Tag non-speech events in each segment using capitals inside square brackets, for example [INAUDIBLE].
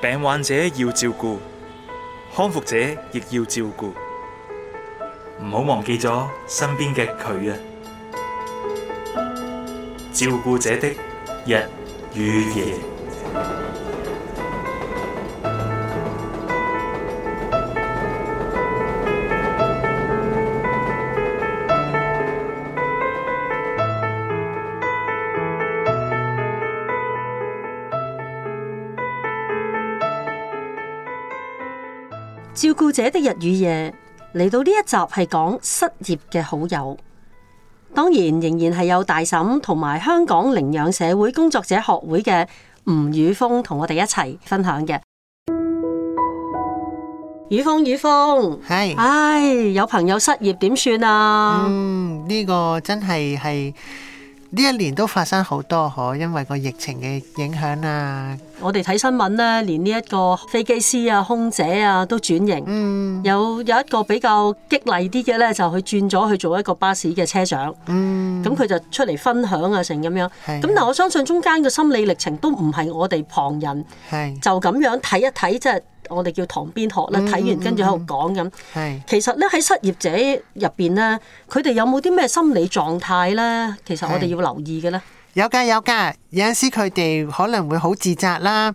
病患者要照顧，康復者亦要照顧，唔好忘記咗身邊嘅佢呀，照顧者的日與夜。者的日與夜，嚟到呢一集係講失業嘅好友，當然仍然係有大嬸同埋香港領養社會工作者學會嘅吳雨峰同我哋一齊分享嘅。雨峰，雨峰，係，唉，有朋友失業點算啊？嗯，呢個真係係。呢一年都發生好多可，因為個疫情嘅影響啊！我哋睇新聞咧，連呢一個飛機師啊、空姐啊都轉型，有、嗯、有一個比較激勵啲嘅咧，就去轉咗去做一個巴士嘅車長。咁佢、嗯、就出嚟分享啊，成咁樣。咁的但我相信中間嘅心理歷程都唔係我哋旁人，的就咁樣睇一睇即係。我哋叫旁邊學啦，睇完跟住喺度講咁。嗯嗯嗯、其實咧喺失業者入邊咧，佢哋有冇啲咩心理狀態咧？其實我哋要留意嘅咧。有㗎有㗎，有陣時佢哋可能會好自責啦。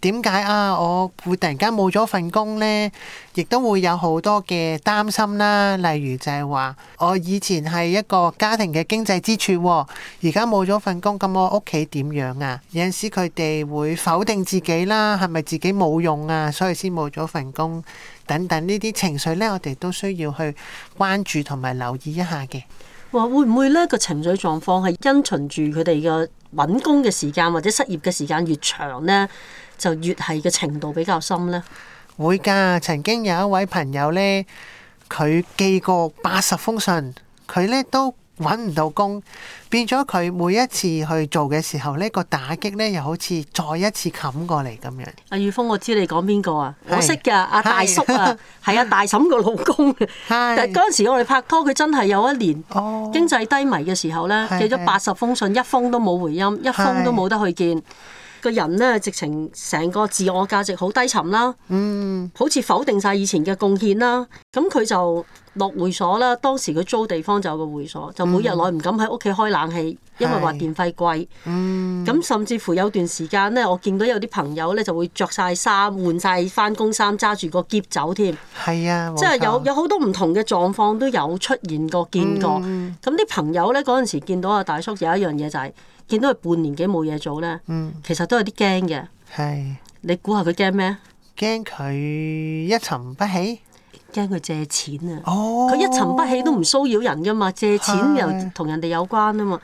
點解啊？我會突然間冇咗份工呢，亦都會有好多嘅擔心啦。例如就係話，我以前係一個家庭嘅經濟支柱，而家冇咗份工，咁我屋企點樣啊？有陣時佢哋會否定自己啦，係咪自己冇用啊？所以先冇咗份工等等呢啲情緒呢，我哋都需要去關注同埋留意一下嘅。哇，會唔會呢個情緒狀況係因循住佢哋嘅搵工嘅時間或者失業嘅時間越長呢？就越係嘅程度比較深呢。會噶。曾經有一位朋友呢，佢寄過八十封信，佢呢都揾唔到工，變咗佢每一次去做嘅時候，呢個打擊呢又好似再一次冚過嚟咁樣。阿宇峰，我知你講邊個啊？我識噶，阿大叔啊，係啊，大嬸個老公。係。嗰陣時我哋拍拖，佢真係有一年經濟低迷嘅時候呢，寄咗八十封信，一封都冇回音，一封都冇得去見。個人咧，直情成個自我價值好低沉啦，嗯，好似否定晒以前嘅貢獻啦。咁佢就落會所啦。當時佢租地方就有個會所，就每日耐唔敢喺屋企開冷氣，嗯、因為話電費貴。咁、嗯、甚至乎有段時間咧，我見到有啲朋友咧就會着晒衫換晒返工衫，揸住個喼走添。係啊，即係有有好多唔同嘅狀況都有出現過見過。咁啲、嗯嗯、朋友咧嗰陣時見到阿大叔有一樣嘢就係、是。見到佢半年幾冇嘢做咧，其實都有啲驚嘅。係，你估下佢驚咩？驚佢一沉不起，驚佢借錢啊！佢一沉不起都唔騷擾人噶嘛，借錢又同人哋有關啊嘛，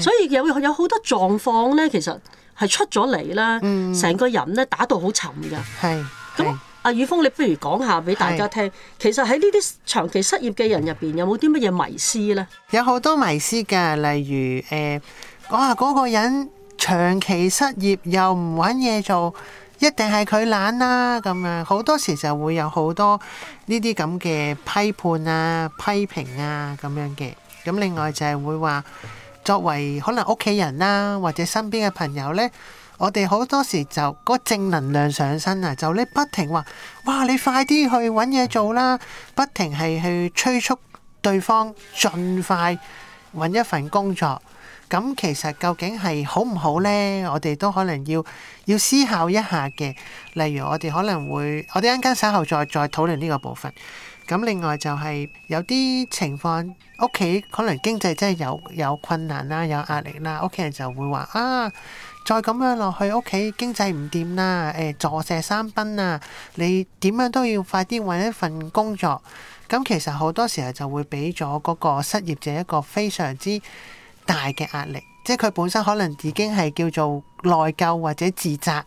所以有有好多狀況咧，其實係出咗嚟啦，成個人咧打到好沉嘅。係咁，阿宇峰，你不如講下俾大家聽。其實喺呢啲長期失業嘅人入邊，有冇啲乜嘢迷思咧？有好多迷思噶，例如誒。哇！嗰、哦那個人長期失業又唔揾嘢做，一定係佢懶啦。咁樣好多時就會有好多呢啲咁嘅批判啊、批評啊咁樣嘅。咁另外就係會話作為可能屋企人啦、啊，或者身邊嘅朋友呢，我哋好多時就個正能量上身啊，就你不停話：哇！你快啲去揾嘢做啦！不停係去催促對方盡快揾一份工作。咁其實究竟係好唔好咧？我哋都可能要要思考一下嘅。例如我哋可能會我哋一陣間稍後再再討論呢個部分。咁另外就係、是、有啲情況，屋企可能經濟真係有有困難啦，有壓力啦，屋企人就會話啊，再咁樣落去屋企經濟唔掂啦，誒坐食山崩啊，你點樣都要快啲搵一份工作。咁其實好多時候就會俾咗嗰個失業者一個非常之～大嘅壓力，即係佢本身可能已經係叫做內疚或者自責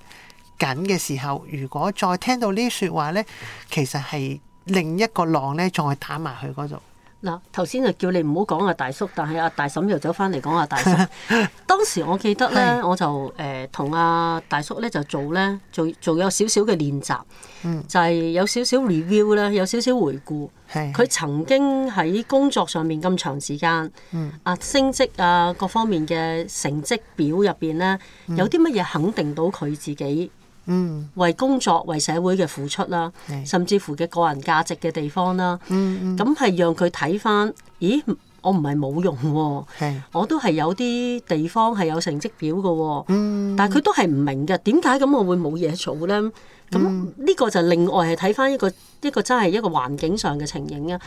緊嘅時候，如果再聽到呢啲説話咧，其實係另一個浪咧再打埋去嗰度。嗱，頭先就叫你唔好講阿大叔，但係阿大嬸又走翻嚟講阿大叔。 [LAUGHS] 當時我記得咧，是我就誒同阿大叔咧就做咧，做做有少少嘅練習，嗯、就係有少少 review 咧，有少少回顧。佢是曾經喺工作上面咁長時間，嗯、啊升職啊各方面嘅成績表入邊咧，有啲乜嘢肯定到佢自己。嗯，為工作、為社會嘅付出啦，是甚至乎嘅個人價值嘅地方啦，咁係、嗯嗯、讓佢睇返，咦？我唔係冇用，是我都係有啲地方係有成績表噶，嗯、但係佢都係唔明嘅，點解咁我會冇嘢做呢？咁呢個就另外係睇返一個一個真係一個環境上嘅情形啊！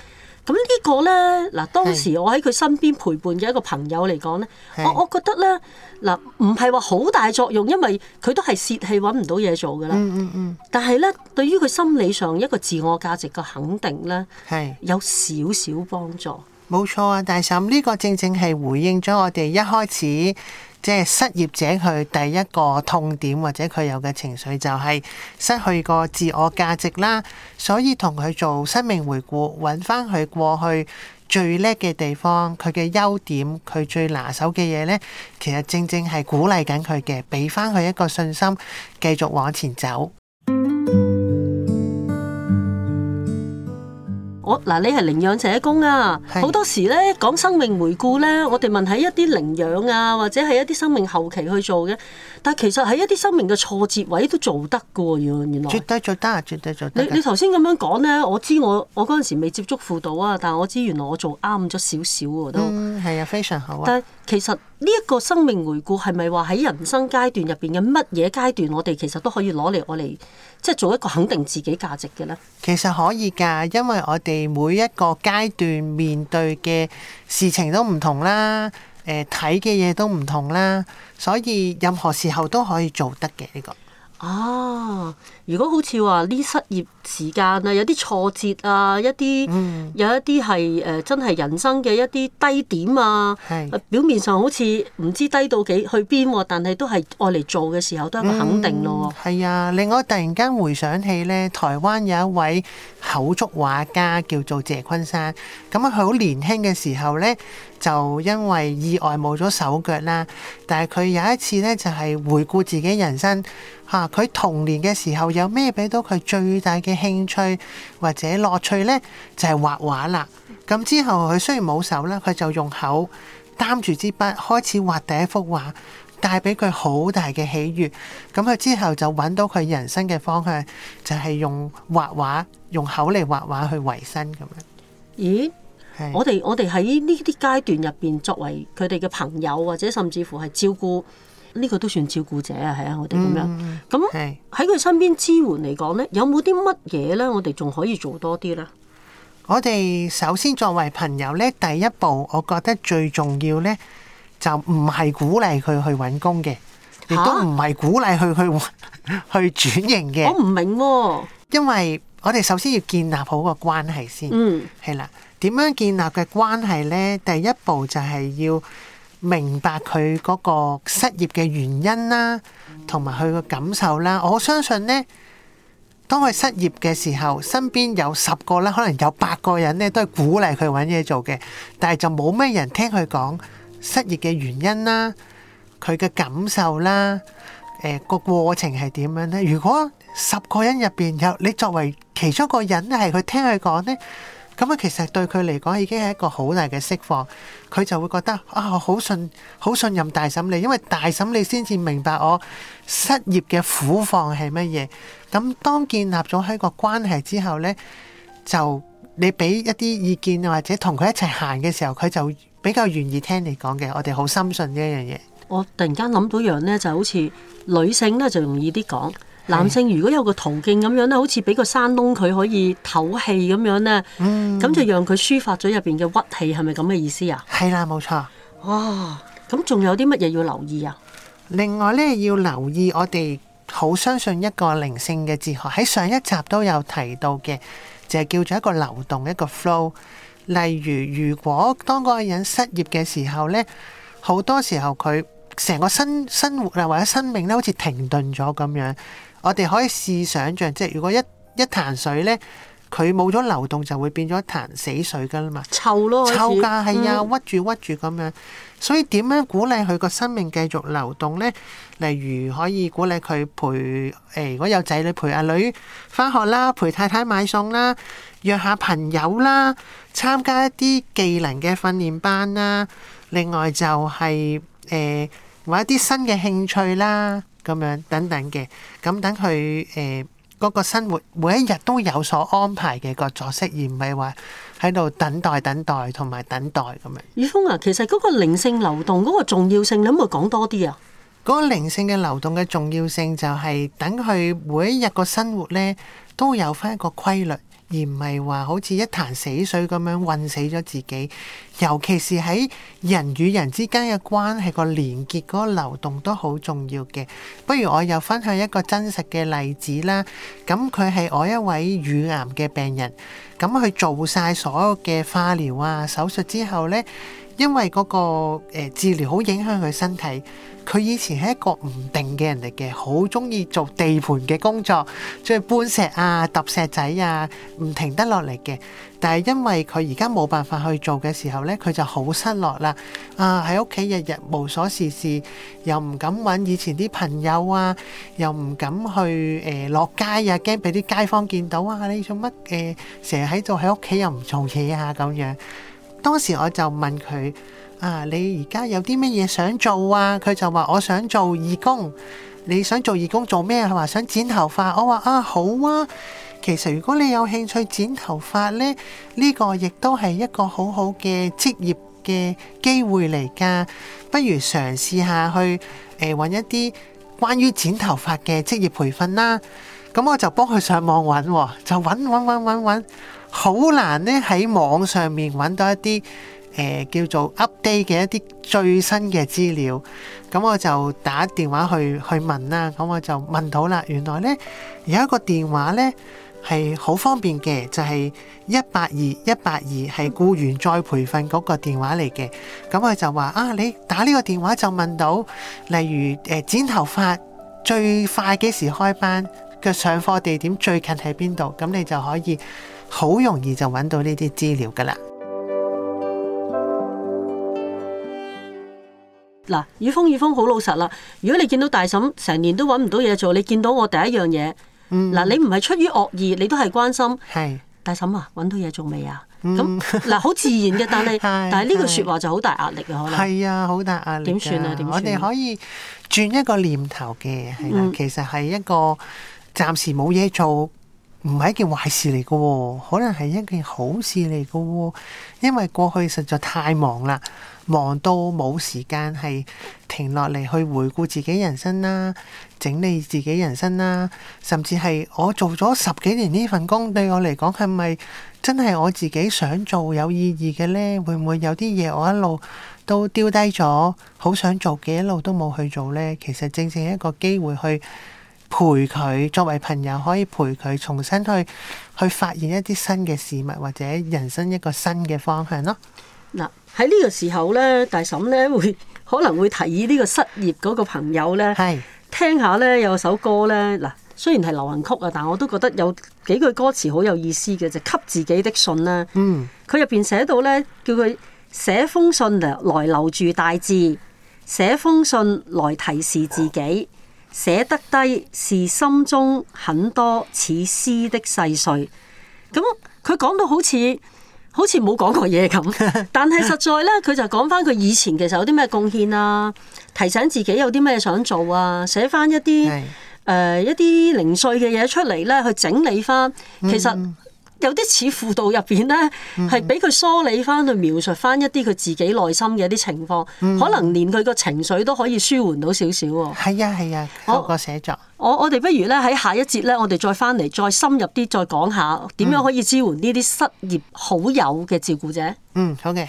咁呢個呢，嗱，當時我喺佢身邊陪伴嘅一個朋友嚟講呢，是我我覺得呢，嗱，唔係話好大作用，因為佢都係泄氣揾唔到嘢做噶啦，嗯嗯嗯、但係呢，對於佢心理上一個自我價值嘅肯定呢，是有少少幫助。冇錯啊，大嬸，呢、這個正正係回應咗我哋一開始即係、就是、失業者佢第一個痛點，或者佢有嘅情緒就係、是、失去個自我價值啦。所以同佢做生命回顧，揾翻佢過去最叻嘅地方，佢嘅優點，佢最拿手嘅嘢呢，其實正正係鼓勵緊佢嘅，俾翻佢一個信心，繼續往前走。我嗱、哦，你係領養社工啊，好是多時咧講生命回顧咧，我哋問喺一啲領養啊，或者係一啲生命後期去做嘅。但其實喺一啲生命嘅挫折位都做得嘅，原來，絕。絕對做得啊！絕對做得。你你頭先咁樣講呢，我知我我嗰陣時未接觸輔導啊，但我知原來我做啱咗少少喎都。嗯，係啊，非常好啊。但係其實呢一個生命回顧係咪話喺人生階段入邊嘅乜嘢階段，我哋其實都可以攞嚟我嚟即係做一個肯定自己價值嘅呢？其實可以㗎，因為我哋每一個階段面對嘅事情都唔同啦。誒睇嘅嘢都唔同啦，所以任何時候都可以做得嘅呢個。啊！如果好似話呢，失業時間啊，有啲挫折啊，一啲、嗯、有一啲係誒，真係人生嘅一啲低點啊。係、嗯、表面上好似唔知低到幾去邊、啊，但係都係愛嚟做嘅時候，都一個肯定咯。係、嗯、啊！令我突然間回想起咧，台灣有一位口足畫家叫做謝坤山。咁啊，佢好年輕嘅時候咧，就因為意外冇咗手腳啦。但係佢有一次咧，就係、是、回顧自己人生。啊！佢童年嘅時候有咩俾到佢最大嘅興趣或者樂趣呢？就係、是、畫畫啦。咁之後佢雖然冇手啦，佢就用口擔住支筆開始畫第一幅畫，帶俾佢好大嘅喜悅。咁佢之後就揾到佢人生嘅方向，就係、是、用畫畫，用口嚟畫畫去維生咁樣。咦？是我哋我哋喺呢啲階段入邊，作為佢哋嘅朋友或者甚至乎係照顧。呢個都算照顧者啊，係啊，我哋咁樣。咁喺佢身邊支援嚟講呢，有冇啲乜嘢呢？我哋仲可以做多啲啦。我哋首先作為朋友呢，第一步，我覺得最重要呢，就唔係鼓勵佢去搵工嘅，亦都唔係鼓勵佢去去轉型嘅。我唔明喎，因為我哋首先要建立好個關係先。嗯，係啦。點樣建立嘅關係呢？第一步就係要。明白佢嗰個失業嘅原因啦，同埋佢嘅感受啦。我相信呢，當佢失業嘅時候，身邊有十個啦，可能有八個人咧都係鼓勵佢揾嘢做嘅，但係就冇咩人聽佢講失業嘅原因啦，佢嘅感受啦，誒個過程係點樣呢？如果十個人入邊有你作為其中一個人係佢聽佢講呢，咁啊，其實對佢嚟講已經係一個好大嘅釋放，佢就會覺得啊，我好信、好信任大嬸你，因為大嬸你先至明白我失業嘅苦況係乜嘢。咁當建立咗喺個關係之後咧，就你俾一啲意見或者同佢一齊行嘅時候，佢就比較願意聽你講嘅。我哋好深信呢一樣嘢。我突然間諗到一樣咧，就好似女性咧就容易啲講。男性如果有個途徑咁樣咧，好似俾個山窿，佢可以透氣咁樣咧，咁、嗯、就讓佢抒發咗入邊嘅屈氣，係咪咁嘅意思啊？係啦，冇錯。哇、哦！咁仲有啲乜嘢要留意啊？另外咧，要留意我哋好相信一個靈性嘅哲學，喺上一集都有提到嘅，就係、是、叫做一個流動，一個 flow。例如，如果當個人失業嘅時候咧，好多時候佢成個生生活啊或者生命咧，好似停頓咗咁樣。我哋可以試想像，即係如果一一潭水咧，佢冇咗流動就會變咗一潭死水㗎啦嘛，臭咯，臭㗎係啊，屈住屈住咁樣。嗯、所以點樣鼓勵佢個生命繼續流動咧？例如可以鼓勵佢陪誒，如果有仔女陪阿女返學啦，陪太太買餸啦，約下朋友啦，參加一啲技能嘅訓練班啦。另外就係誒揾一啲新嘅興趣啦。咁樣等等嘅，咁等佢誒嗰個生活每一日都有所安排嘅個作息，而唔係話喺度等待等待同埋等待咁樣。雨峰啊，其實嗰個靈性流動嗰個重要性，你可唔可以講多啲啊？嗰個靈性嘅流動嘅重要性就係等佢每一日個生活咧都有返一個規律，而唔係話好似一潭死水咁樣困死咗自己，尤其是喺人與人之間嘅關係、嗰個連結、嗰個流動都好重要嘅。不如我又分享一個真實嘅例子啦。咁佢係我一位乳癌嘅病人，咁佢做晒所有嘅化療啊、手術之後呢。因為嗰個治療好影響佢身體，佢以前係一個唔定嘅人嚟嘅，好中意做地盤嘅工作，即係搬石啊、揼石仔啊，唔停得落嚟嘅。但係因為佢而家冇辦法去做嘅時候咧，佢就好失落啦。啊，喺屋企日日無所事事，又唔敢揾以前啲朋友啊，又唔敢去誒落街啊，驚俾啲街坊見到啊，你做乜嘅？成日喺度喺屋企又唔做嘢啊，咁樣。當時我就問佢：啊，你而家有啲乜嘢想做啊？佢就話：我想做義工。你想做義工做咩？佢話想剪頭髮。我話：啊，好啊。其實如果你有興趣剪頭髮咧，呢、這個亦都係一個好好嘅職業嘅機會嚟㗎。不如嘗試下去誒揾、呃、一啲關於剪頭髮嘅職業培訓啦。咁、嗯、我就幫佢上網揾、哦，就揾揾揾揾揾。好難咧，喺網上面揾到一啲誒、呃、叫做 update 嘅一啲最新嘅資料，咁我就打電話去去問啦。咁我就問到啦，原來呢有一個電話呢係好方便嘅，就係一八二一八二，係僱員再培訓局個電話嚟嘅。咁我就話啊，你打呢個電話就問到，例如誒、呃、剪頭髮最快幾時開班？嘅上課地點最近喺邊度？咁你就可以。好容易就揾到呢啲資料噶啦！嗱，宇峰，宇峰好老實啦。如果你見到大嬸成年都揾唔到嘢做，你見到我第一樣嘢，嗱、嗯，你唔係出於惡意，你都係關心。係是大嬸啊，揾到嘢做未啊？咁嗱、嗯，好自然嘅 [LAUGHS] 是，但係但係呢句説話就好大壓力啊，可能係啊，好大壓力。點算啊？點算、啊？我哋可以轉一個念頭嘅，係啦，嗯、其實係一個暫時冇嘢做。唔係一件壞事嚟嘅喎，可能係一件好事嚟嘅喎，因為過去實在太忙啦，忙到冇時間係停落嚟去回顧自己人生啦，整理自己人生啦，甚至係我做咗十幾年呢份工，對我嚟講，係咪真係我自己想做有意義嘅呢？會唔會有啲嘢我一路都丟低咗，好想做嘅一路都冇去做呢？其實正正一個機會去。陪佢作為朋友，可以陪佢重新去去發現一啲新嘅事物，或者人生一個新嘅方向咯。嗱，喺呢個時候咧，大嬸咧會可能會提議呢個失業嗰個朋友咧，是聽下咧有首歌咧。嗱，雖然係流行曲啊，但我都覺得有幾句歌詞好有意思嘅，就是《給自己的信》啦。嗯，佢入邊寫到咧，叫佢寫封信嚟，來留住大志，寫封信來提示自己。寫得低是心中很多似詩的細碎，咁佢講到好似好似冇講過嘢咁，但係實在咧，佢就講翻佢以前其實有啲咩貢獻啊，提醒自己有啲咩想做啊，寫翻一啲誒是、呃、一啲零碎嘅嘢出嚟咧，去整理翻，其實。嗯有啲似輔導入邊咧，係俾佢梳理翻，去描述翻一啲佢自己內心嘅一啲情況，嗯、可能連佢個情緒都可以舒緩到少少喎。係啊，係啊，個個寫作。我我哋不如咧喺下一節咧，我哋再翻嚟，再深入啲，再講下點樣可以支援呢啲失業好友嘅照顧者。嗯，好嘅。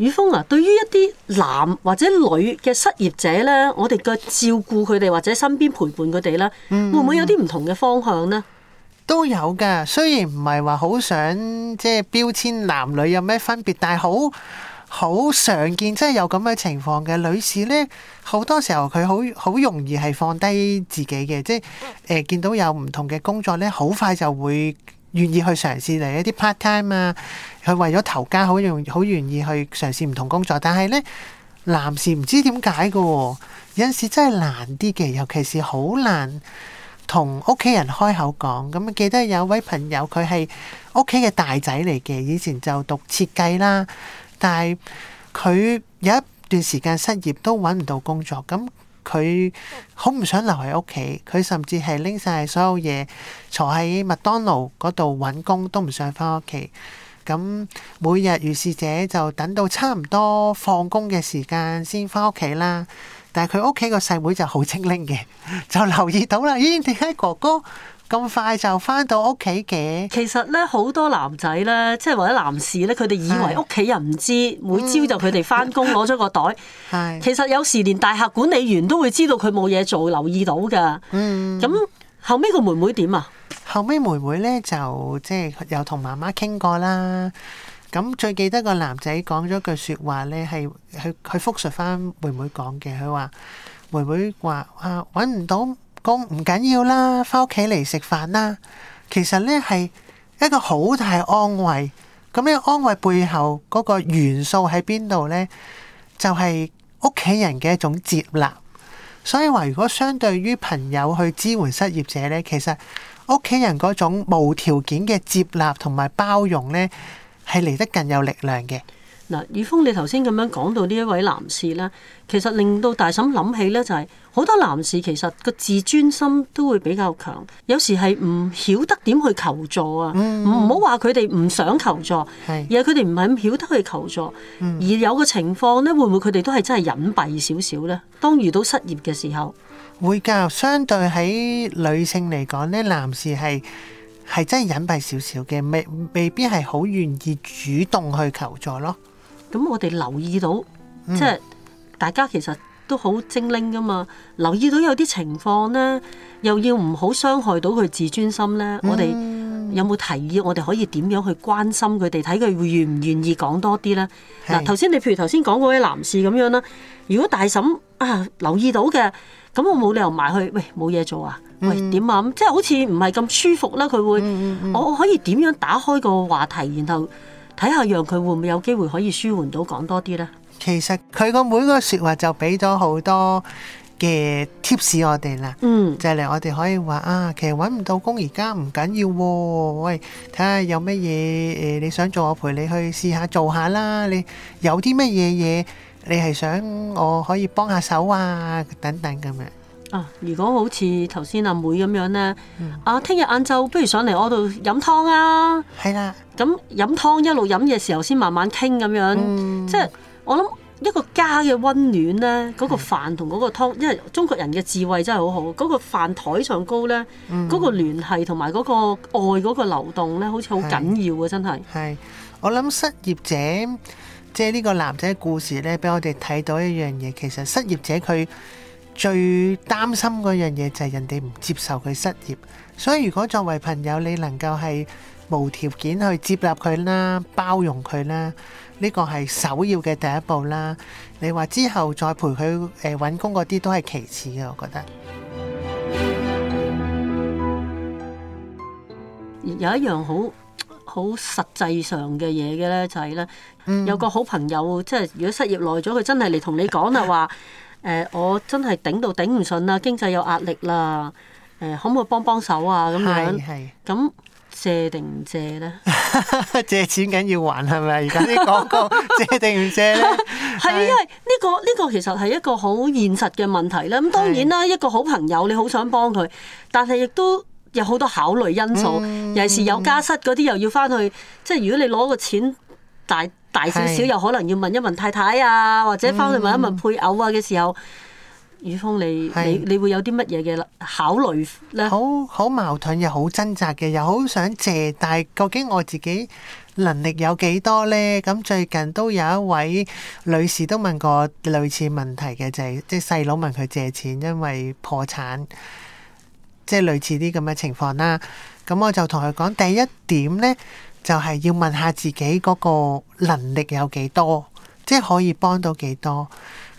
雨峰啊，對於一啲男或者女嘅失業者咧，我哋嘅照顧佢哋或者身邊陪伴佢哋咧，會唔會有啲唔同嘅方向呢？嗯、都有㗎，雖然唔係話好想即係標籤男女有咩分別，但係好好常見，即係有咁嘅情況嘅女士呢，好多時候佢好好容易係放低自己嘅，即係誒、呃、見到有唔同嘅工作呢，好快就會願意去嘗試嚟一啲 part time 啊，佢為咗頭家好容好願意去嘗試唔同工作，但係咧，男士唔知點解嘅，有陣時真係難啲嘅，尤其是好難同屋企人開口講。咁記得有位朋友佢係屋企嘅大仔嚟嘅，以前就讀設計啦，但係佢有一段時間失業都揾唔到工作咁。佢好唔想留喺屋企，佢甚至係拎晒所有嘢坐喺麥當勞嗰度揾工，都唔想翻屋企。咁每日如是者就等到差唔多放工嘅時間先翻屋企啦。但係佢屋企個細妹就好精靈嘅，就留意到啦。咦、哎？點解哥哥咁快就翻到屋企嘅？其實咧，好多男仔咧，即係或者男士咧，佢哋以為屋企人唔知，的每朝就佢哋翻工攞咗個袋。係的，其實有時連大廈管理員都會知道佢冇嘢做，留意到㗎。嗯。咁後尾個妹妹點啊？後尾妹妹咧就即係、就是、有同媽媽傾過啦。咁最記得個男仔講咗句説話咧，係佢佢複述翻妹妹講嘅，佢話妹妹話話揾唔到。咁唔緊要啦，翻屋企嚟食飯啦。其實咧係一個好大安慰。咁呢個安慰背後嗰個元素喺邊度咧？就係屋企人嘅一種接納。所以話，如果相對於朋友去支援失業者咧，其實屋企人嗰種無條件嘅接納同埋包容咧，係嚟得更有力量嘅。嗱，宇峰，你頭先咁樣講到呢一位男士咧，其實令到大嬸諗起咧，就係、是、好多男士其實個自尊心都會比較強，有時係唔曉得點去求助啊。唔好話佢哋唔想求助，是而係佢哋唔係咁曉得去求助，嗯、而有個情況咧，會唔會佢哋都係真係隱蔽少少咧？當遇到失業嘅時候，會㗎。相對喺女性嚟講咧，男士係係真係隱蔽少少嘅，未未必係好願意主動去求助咯。咁我哋留意到，即係大家其實都好精靈噶嘛。留意到有啲情況咧，又要唔好傷害到佢自尊心咧。我哋有冇提議？我哋可以點樣去關心佢哋？睇佢會願唔願意講多啲咧？嗱，頭先你譬如頭先講嗰位男士咁樣啦。如果大嬸啊留意到嘅，咁我冇理由埋去，喂，冇嘢做啊？喂，點啊？咁即係好似唔係咁舒服啦。佢會，我可以點樣打開個話題，然後？睇下，讓佢會唔會有機會可以舒緩到講多啲咧？其實佢個每個説話就俾咗好多嘅 tips 我哋啦。嗯，就嚟我哋可以話啊，其實揾唔到工而家唔緊要喎。喂，睇下有乜嘢誒，你想做，我陪你去試下做下啦。你有啲乜嘢嘢，你係想我可以幫下手啊？等等咁樣。啊！如果好似頭先阿妹咁樣呢，啊、嗯，聽日晏晝不如上嚟我度飲湯啊！係啦的，咁飲湯一路飲嘅時候先慢慢傾咁樣，即係、嗯就是、我諗一個家嘅溫暖呢，嗰的個飯同嗰個湯，因為中國人嘅智慧真係好好，嗰、那個飯枱上高呢，嗰、嗯、個聯繫同埋嗰個愛嗰個流動呢，好似好緊要啊！的真係的。係，我諗失業者即係呢個男仔故事呢，畀我哋睇到一樣嘢，其實失業者佢。最擔心嗰樣嘢就係人哋唔接受佢失業，所以如果作為朋友，你能夠係無條件去接納佢啦、包容佢啦，呢個係首要嘅第一步啦。你話之後再陪佢誒搵工嗰啲都係其次嘅，我覺得。有一樣好好實際上嘅嘢嘅咧，就係咧，有個好朋友即係如果失業耐咗，佢真係嚟同你講就話。 [LAUGHS] 誒、呃，我真係頂到頂唔順啦，經濟有壓力啦，誒、呃，可唔可以幫幫手啊？咁樣，咁借定唔借咧？借，借，呢 [LAUGHS] 借錢緊要還係咪？而家啲廣告 [LAUGHS] 借定唔借咧？係啊，因為呢、呢個呢、呢個其實係一個好現實嘅問題啦。咁當然啦，一個好朋友你好想幫佢，是 但係亦都有好多考慮因素，嗯、尤其是有家室嗰啲又要翻去，即係如果你攞個錢大。大少少是又可能要問一問太太啊，或者翻去問一問配偶啊嘅時候，宇峰、嗯，你是你你會有啲乜嘢嘅考慮呢？好好矛盾又好掙扎嘅，又好想借，但係究竟我自己能力有幾多呢？咁最近都有一位女士都問過類似問題嘅，就係即係細佬問佢借錢，因為破產，即、就、係、是、類似啲咁嘅情況啦。咁我就同佢講，第一點呢。就係要問下自己嗰個能力有幾多，即係可以幫到幾多。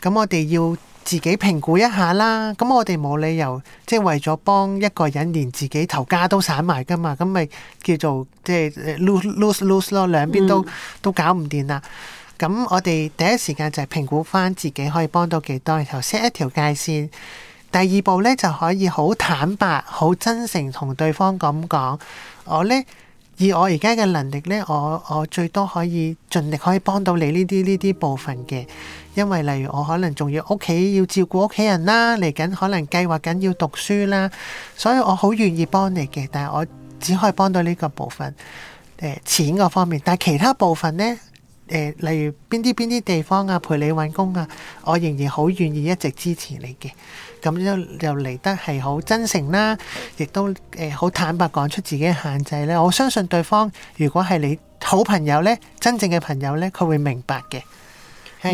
咁我哋要自己評估一下啦。咁我哋冇理由，即係為咗幫一個人，連自己頭家都散埋噶嘛。咁咪叫做即係 lose lose lose 咯，兩邊都、嗯、都搞唔掂啦。咁我哋第一時間就係評估翻自己可以幫到幾多，然後 set 一條界線。第二步咧就可以好坦白、好真誠同對方咁講，我咧。以我而家嘅能力呢，我我最多可以盡力可以幫到你呢啲呢啲部分嘅，因為例如我可能仲要屋企要照顧屋企人啦，嚟緊可能計劃緊要讀書啦，所以我好願意幫你嘅，但係我只可以幫到呢個部分，誒、呃、錢嗰方面，但係其他部分呢？誒，例如邊啲邊啲地方啊，陪你揾工啊，我仍然好願意一直支持你嘅。咁樣又嚟得係好真誠啦，亦都誒好坦白講出自己嘅限制咧。我相信對方如果係你好朋友呢，真正嘅朋友呢，佢會明白嘅。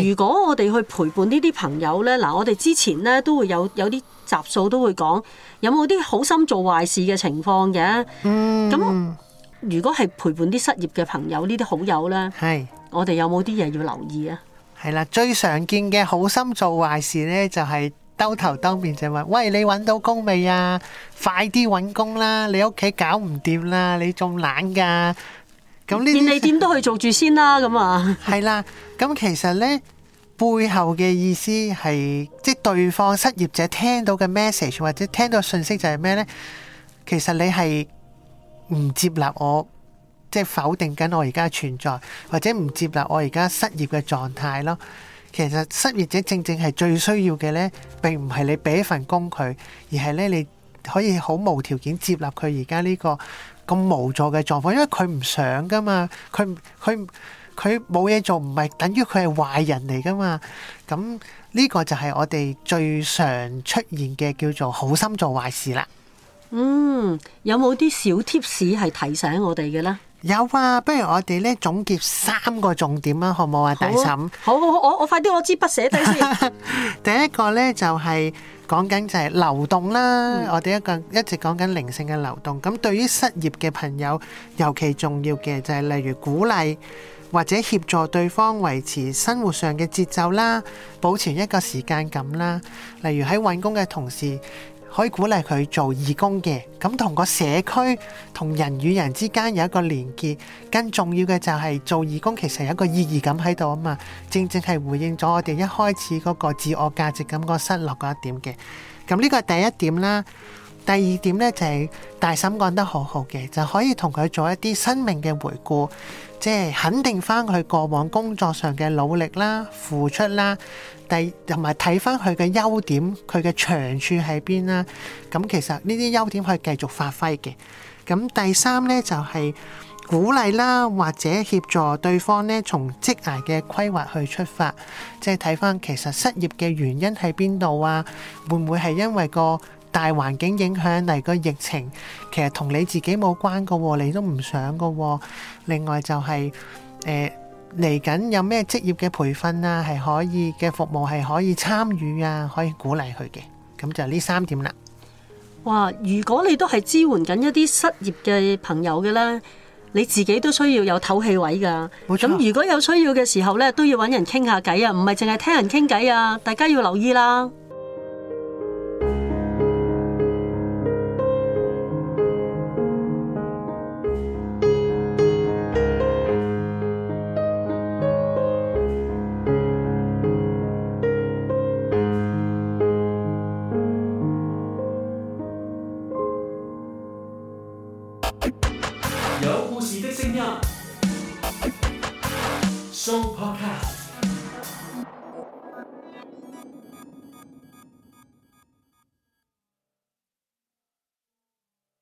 如果我哋去陪伴呢啲朋友呢，嗱，我哋之前呢，都會有有啲集數都會講，有冇啲好心做壞事嘅情況嘅？咁、嗯。那嗯如果係陪伴啲失業嘅朋友呢啲好友咧，係我哋有冇啲嘢要留意啊？係啦，最常見嘅好心做壞事咧，就係兜頭兜面就話：喂，你搵到工未啊？快啲搵工啦！你屋企搞唔掂啦！你仲懶噶？咁呢啲，你點都去做住先啦！咁啊，係啦。咁其實咧背後嘅意思係，即係對方失業者聽到嘅 message 或者聽到嘅信息就係咩咧？其實你係。唔接納我，即係否定緊我而家嘅存在，或者唔接納我而家失業嘅狀態咯。其實失業者正正係最需要嘅咧，並唔係你俾一份工佢，而係咧你可以好無條件接納佢而家呢個咁無助嘅狀況，因為佢唔想噶嘛，佢佢佢冇嘢做，唔係等於佢係壞人嚟噶嘛。咁呢個就係我哋最常出現嘅叫做好心做壞事啦。嗯，有冇啲小 tips 係提醒我哋嘅咧？有啊，不如我哋咧總結三個重點啦，好唔好？好啊，大嬸審？好，好，我我快啲攞支筆寫低先。 [LAUGHS] 第一個咧就係講緊就係流動啦，我哋一個一直講緊靈性嘅流動。咁、嗯、對於失業嘅朋友，尤其重要嘅就係例如鼓勵或者協助對方維持生活上嘅節奏啦，保持一個時間感啦。例如喺揾工嘅同時。可以鼓勵佢做義工嘅，咁同個社區同人與人之間有一個連結，更重要嘅就係做義工其實有一個意義感喺度啊嘛，正正係回應咗我哋一開始嗰個自我價值感覺、嗰個、失落嗰一點嘅。咁呢個係第一點啦，第二點咧就係大嬸講得好好嘅，就可以同佢做一啲生命嘅回顧。即係肯定翻佢過往工作上嘅努力啦、付出啦，第同埋睇翻佢嘅優點，佢嘅長處喺邊啦。咁、嗯、其實呢啲優點可以繼續發揮嘅。咁、嗯、第三咧就係、是、鼓勵啦，或者協助對方咧從職涯嘅規劃去出發，即係睇翻其實失業嘅原因喺邊度啊？會唔會係因為個？大環境影響嚟個疫情，其實同你自己冇關㗎喎，你都唔想㗎喎。另外就係誒嚟緊有咩職業嘅培訓啊，係可以嘅服務係可以參與啊，可以鼓勵佢嘅。咁就呢三點啦。哇！如果你都係支援緊一啲失業嘅朋友嘅咧，你自己都需要有透氣位㗎。冇錯。咁如果有需要嘅時候咧，都要揾人傾下偈啊，唔係淨係聽人傾偈啊，大家要留意啦。